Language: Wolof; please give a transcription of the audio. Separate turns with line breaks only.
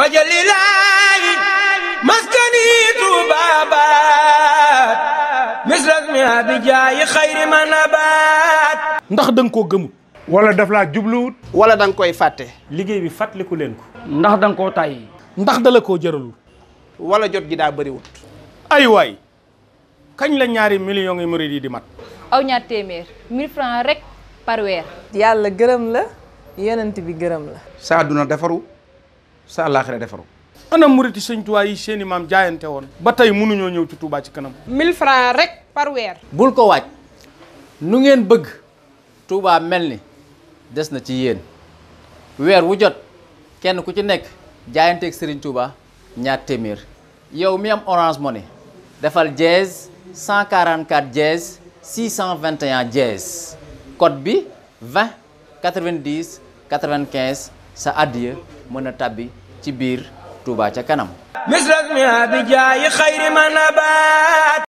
wajalilaayi maskani Tuubaa baat misras mi abijaayi xayri ma nabaat ndax da nga koo gëmul wala daf laa jubluwut wala da nga koy fàtte liggéey bi fàttaliku leen ko ndax da nga koo tàyyi ndax dala koo jaralul wala jot gi daa bëriwut ay waay kañ la ñaari millions ngi murid yi di mat
aw ñaar téeméer mille francs rek par weer yàlla gërëm la yonent bi gërëm la
sa àdduna defaru sa àllaaxira defaru ana muriti sëñ Tuubaa yi seeni maam jaayante woon ba tey mënuñoo ñëw ci tubaa ci kanam 1000 francs
rek par weer
bul ko waaj nu ngeen bëgg Touba mel
ni des na ci yéen weer wu jot kenn ku ci nekk jaayanteeg Serigne Touba ñaar téeméer yow mi am Orange Money defal cent dièse 144 dièse 621 dièse code bi 20 90 95 sa addiya mën a tàbbi ci biir Touba ca kanam
misras mi abi jaayi xayri ma nabaat